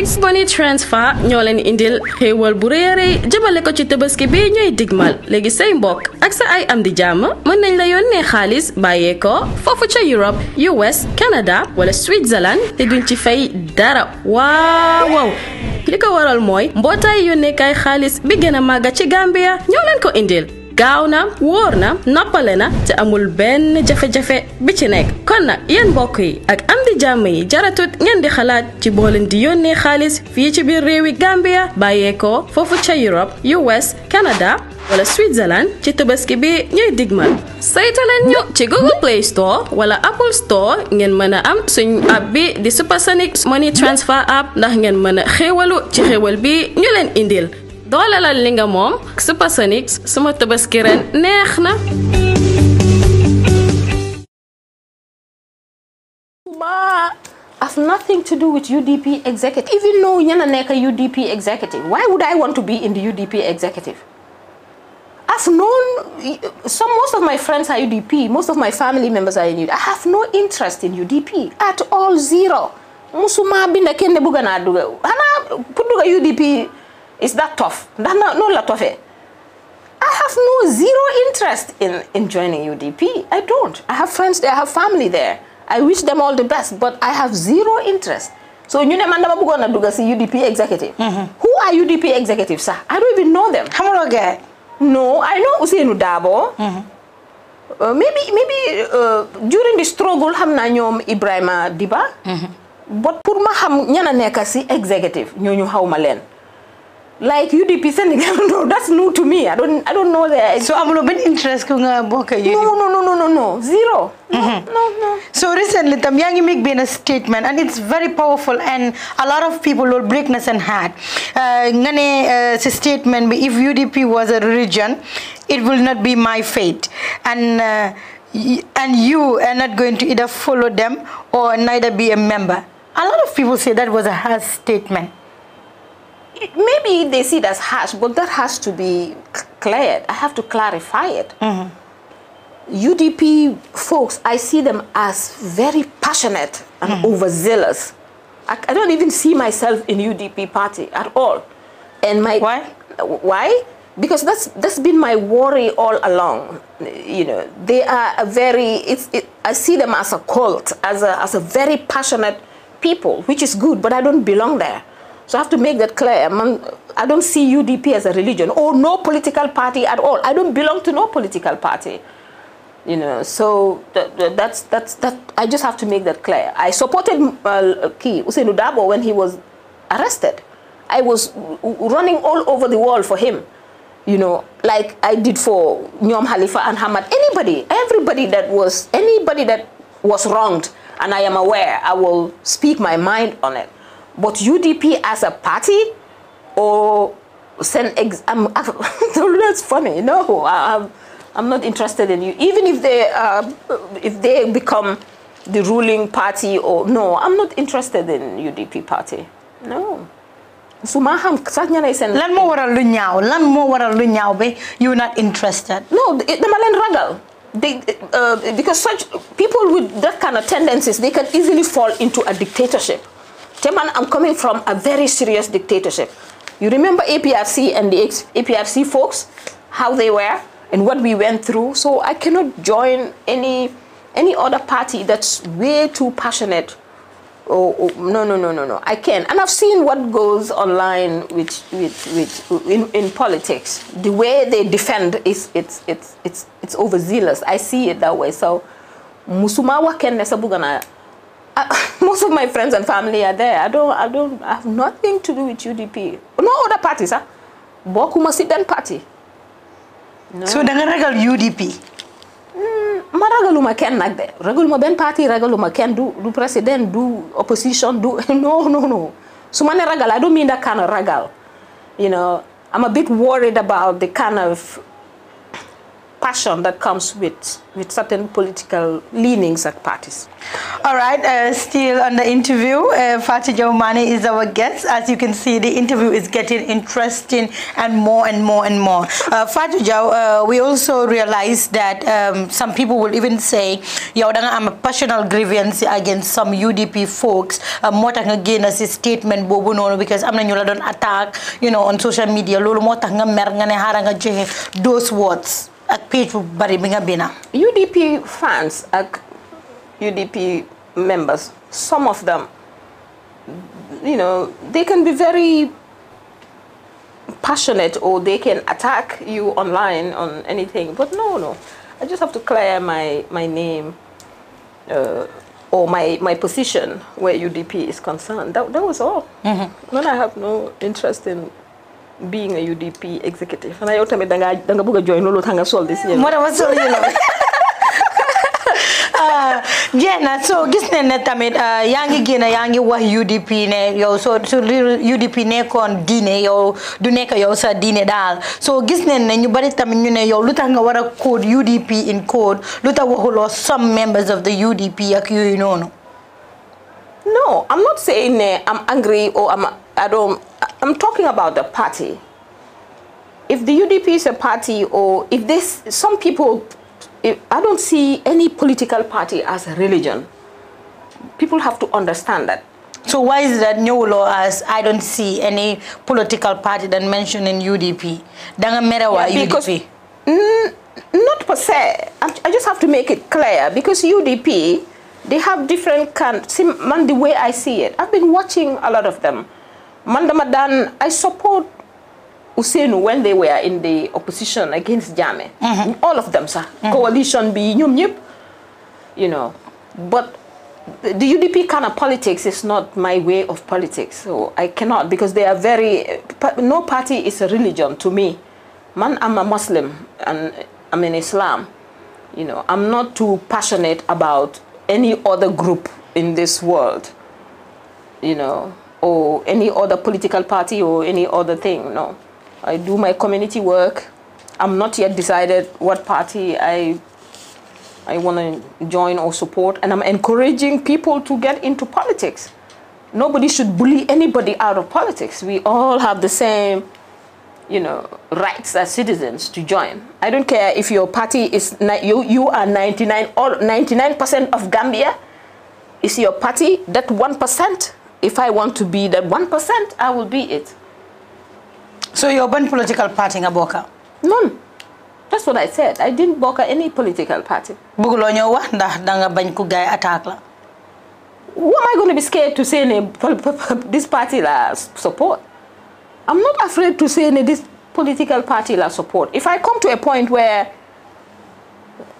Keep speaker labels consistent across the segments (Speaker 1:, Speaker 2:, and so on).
Speaker 1: Wix Money Transfer ñoo leen indil xéewal bu rëy rëy jëmale ko ci tabaski bi ñuy digmal léegi say mbokk ak sa ay am di jàmm mën nañ la yónnee xaalis bàyyee ko foofu ca Europe US Canada wala Switzerland te duñ ci fay dara waaw waaw li ko waral mooy mbootaay yónneekaay xaalis bi gën a màgga ci Gambia ñoo leen ko indil gaaw na wóor na noppale na te amul benn jafe-jafe bi ci nekk kon nag yéen mbokk yi ak am di jàmm yi jaratut ngeen di xalaat ci boo di yónnee xaalis fii ci biir réewi Gambia bàyyeekoo foofu ca Europe US Canada wala Switzerland ci tabaski bi ñuy digmal saytaleen ñu ci Google Play Store wala Apple Store ngeen mën a am suñ app bi di Supersonic Money Transfer app ndax ngeen mën a xéewalu ci xéewal bi ñu leen indil i li nga moom suma tabaski ren neex na
Speaker 2: nothing to do with UDP executive. Even though you're not a UDP executive, why would I want to be in the UDP executive? I've known, so most of my friends are UDP, most of my family members are in UDP. I have no interest in UDP at all, zero. Musuma binda kende buga na duga. Hana, UDP is that tough ndax na noonu la tofee I have no zero interest in joining UDP I don't I have friends there I have family there I wish them all the best but I have zero interest so ñu ne man dama bëggoon a si UDP executive. Mm-hmm. who are UDP executive sax I don't even know them. xamuloo gars no I know Ousseynou Dabo. Mm-hmm. Uh, maybe uh, during the struggle xam naa ñoom Ibrahima Diba. Mm-hmm. but pour ma xam ñan a nekk si executive ñooñu xaw ma leen. like UDP sending, no that's new to me I don't I don't know that so I'm
Speaker 3: benn interest ku uh, nga bokk UDP no no no no no no zero no mm-hmm. no no so recently the yaa been a statement and it's very powerful and a lot of people will break na heart Uh, ne uh, si statement if UDP was a religion it will not be my fate and uh, and you are not going to either follow them or neither be a member a lot of people say that was a hard statement
Speaker 2: maybe they see it as harsh, but that has to be cleared. I have to clarify it. Mm -hmm. UDP folks, I see them as very passionate and mm -hmm. overzealous. I, I, don't even see myself in UDP party at all. And my why? Why? Because that's that's been my worry all along. You know, they are a very. It's. It, I see them as a cult, as a as a very passionate people, which is good. But I don't belong there. So I have to make that clear. I don't see UDP as a religion or no political party at all. I don't belong to no political party. You know, so that, that's, that's, that, I just have to make that clear. I supported uh, Usain Usainu when he was arrested. I was running all over the world for him, you know, like I did for Nyom Halifa and Hamad. Anybody, everybody that was, anybody that was wronged, and I am aware, I will speak my mind on it. But UDP as a party or send ex I'm, that's funny. No, I, I'm not interested in you. Even if they uh, if they become the ruling party or no, I'm not interested in UDP party.
Speaker 3: No. su ma lan moo waral lu ñaaw lan moo waral lu you not interested.
Speaker 2: no dama leen ragal. they uh, because such people with that kind of tendencies they can easily fall into a dictatorship. Teman, I'm coming from a very serious dictatorship. You remember APRC and the APRC folks, how they were and what we went through. So I cannot join any any other party that's way too passionate. Oh, oh no, no, no, no, no. I can. And I've seen what goes online with with, with in, in politics. The way they defend is it's it's it's it's overzealous. I see it that way. So Musumawa Ken Nesabugana I, most of my friends and family are there. I don't, I don't, I have nothing to do with UDP. No other parties, ah. Bokkuma ci benn parti.
Speaker 3: No. So da nga UDP.
Speaker 2: Mm, ma ragaluma kenn nag de ragaluma benn parti ragaluma kenn du du président du opposition du no no no su ma ne ragal I don't mean that kind of ragal you a bit worried about the kind of passion that comes with, with certain political leanings at parties.
Speaker 3: All right, uh, still on the interview, uh, Fatih Jomani is our guest. As you can see, the interview is getting interesting and more and more and more. Uh, Fatih uh, we also realize that um, some people will even say, Yo, I'm a personal grievance against some UDP folks. Uh, more than again as a statement, bobo because I'm not attack, you know, on social media. Lolo mo tanga mer nga ne haranga those words ak page bari bi nga bina UDP fans ak UDP
Speaker 2: members some of them you know they can be very passionate or they can attack you online on anything but no no I just have to clear my my name uh, or my, my position where UDP is concerned. That, that was all. Mm -hmm. I have no interest in being a UDP executive xanaa yow tamit da ngaa bëgg a join loolu tax nga sol di si yéen. ma sol yi la.
Speaker 3: Ah, jeex na so gis nañ tamit ah, yaa ngi génn yaa ngi wax UDP ne yow soo UDP nekkoon diine yow du nekk yow sa diine daal soo gis nañ ne ñu bari tamit ñu ne yow lu tax nga war a code UDP in code lu tax waxuloo some members of the UDP ak yooyu noonu.
Speaker 2: no I'm not saying ne I'm angry or I'm I don't I'm talking about the party. If the UDP is a party or if this, some people, if, I don't see any political party as a religion.
Speaker 3: People have to understand that. So why is that new law as I don't see any political party that mentioned in UDP? Danga Merawa yeah, because, mm,
Speaker 2: not per se. I, I just have to make it clear because UDP, they have different kind. See, man, the way I see it, I've been watching a lot of them man I support Ousseynou when they were in the opposition against Jammeh. Mm-hmm. all of them sir, mm-hmm. coalition bi you know but the UDP kind of politics is not my way of politics so I cannot because they are very no party is a religion to me. man I'm a Muslim and I'm in Islam. You know, I'm not too passionate about any other group in this world. You know, or any other political party or any other thing. No, I do my community work. I'm not yet decided what party I I want to join or support, and I'm encouraging people to get into politics. Nobody should bully anybody out of politics. We all have the same, you know, rights as citizens to join. I don't care if your party is you you are 99 or 99% of Gambia is your party. That one percent if I want to be that 1%, I will be it.
Speaker 3: So you're one political party in boka?
Speaker 2: None. That's what I said. I didn't boka any political party.
Speaker 3: danga
Speaker 2: What am I going to be scared to say ne, this party la support? I'm not afraid to say ne, this political party la support. If I come to a point where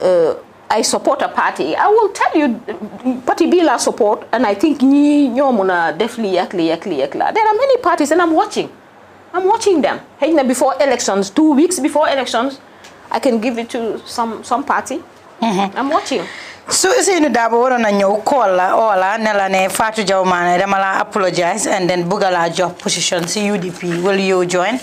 Speaker 2: uh, I support a party I will tell you Party bila support and I think ñii ñoo mun a def lii there are many parties and I'm watching I'm watching them Hey, before elections two weeks before elections I can give it to some some party.
Speaker 3: Mm-hmm. I'm watching. So Usainu Dabo on a ñëw call la oo la ne la ne Fatou Mane la apologize and then bugala job position See UDP will you join.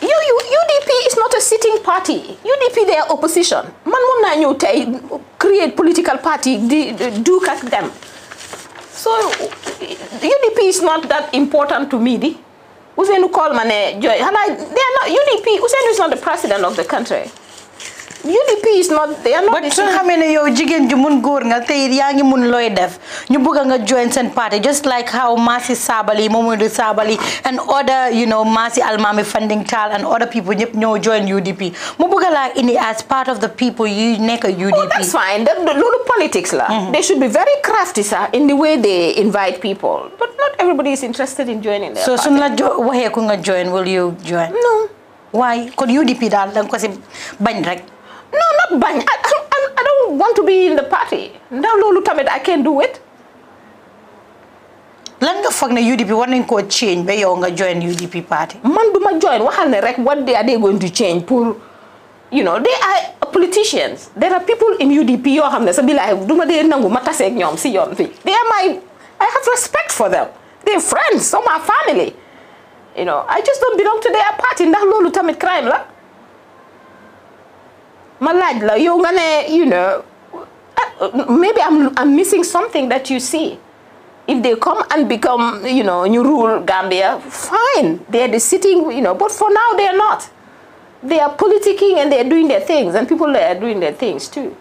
Speaker 2: you you is not a sitting party UDP they are opposition man one naa create political party Do cut them. so UDP is not that important to me di
Speaker 3: Ousseynou call ma joy they are
Speaker 2: not UDP Ousseynou is not the president of the country
Speaker 3: UDP is not they are not. but su xamee ne jigen jigéen ju mun góor nga tey yaa ngi mun looy def ñu bëgg nga join seen party just like how Massey Sabali Momodou and other you know Massey Almami Funding Tal and other people ñëpp ñoo join UDP mu bëgg laa indi as part of the people yu a UDP. oh that's fine loolu politics la. Mm-hmm. they should be very
Speaker 2: crafty sir in
Speaker 3: the way they invite people
Speaker 2: but not everybody is interested in joining
Speaker 3: their so suñ la waxee ku nga join will you join. no. why kon UDP dal da nga ko si bañ rek. bañ I, I, I don't want to be in the party ndax loolu tamit I can't do it. lan nga foog ne UDP war nañ koo change ba yow nga join UDP party. man duma join waxal ne rek what they are they going to change pour you know
Speaker 2: they are politicians there are people in UDP yoo xam ne sa bilaay duma dee nangu ma taseeg ñoom si yoon fi they are my I have respect for them they are friends some are family you know I just don't belong to their party ndax loolu tamit crime la. Maladla, you're gonna, you know uh, maybe I'm I'm missing something that you see if they come and become you know new rule Gambia fine they are the sitting you know but for now they are not they are politicking and they are doing their
Speaker 3: things and people are doing their things too.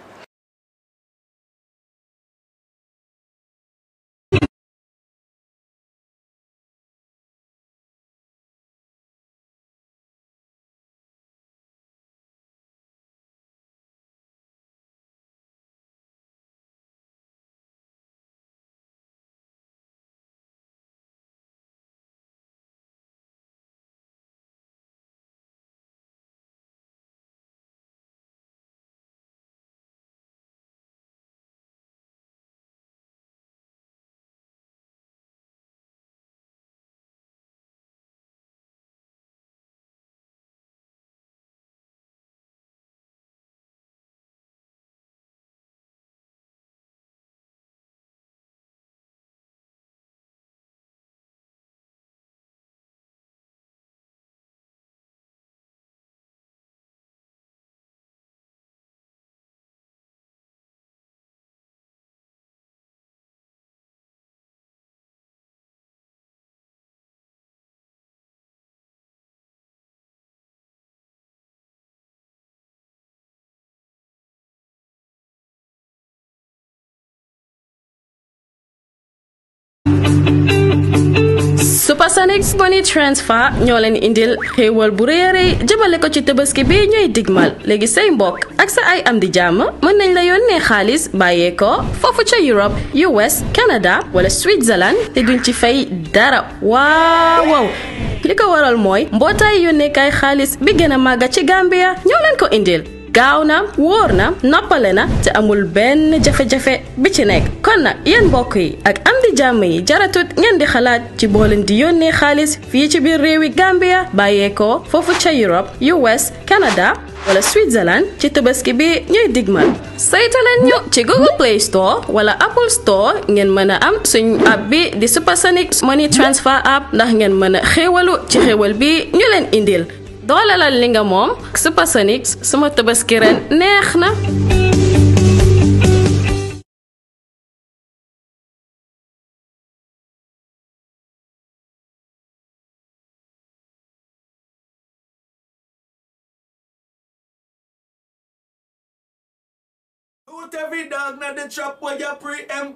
Speaker 1: Supersonics Money Transfer ñoo leen indil xéewal bu rëy rëy jëmale ko ci tabaski bi ñooy digmal léegi say mbokk ak sa ay am di jàmm mën nañ la yónnee xaalis bàyyee ko foofu ca Europe US Canada wala Switzerland te duñ ci fay dara waaw waaw li ko waral mooy mbootaay yónneekaay xaalis bi gën a màgga ci Gambia ñoo leen ko indil gaaw na wóor na noppale na te amul benn jafe-jafe bi ci nekk kon nag yéen mbokk yi ak am di jàmm yi jaratut ngeen di xalaat ci boo di yónnee xaalis fii ci biir réewi Gambia bàyyeekoo foofu ca Europe US Canada wala Switzerland ci tabaski bi ñuy digmal saytaleen ñu ci Google Play Store wala Apple Store ngeen mën a am suñ app bi di Supersonic Money Transfer app ndax ngeen mën a xéewalu ci xéewal bi ñu leen indil doolalal li nga moom Supersonics suma tabaski ren neex na
Speaker 3: every dog the trap where you pre-empt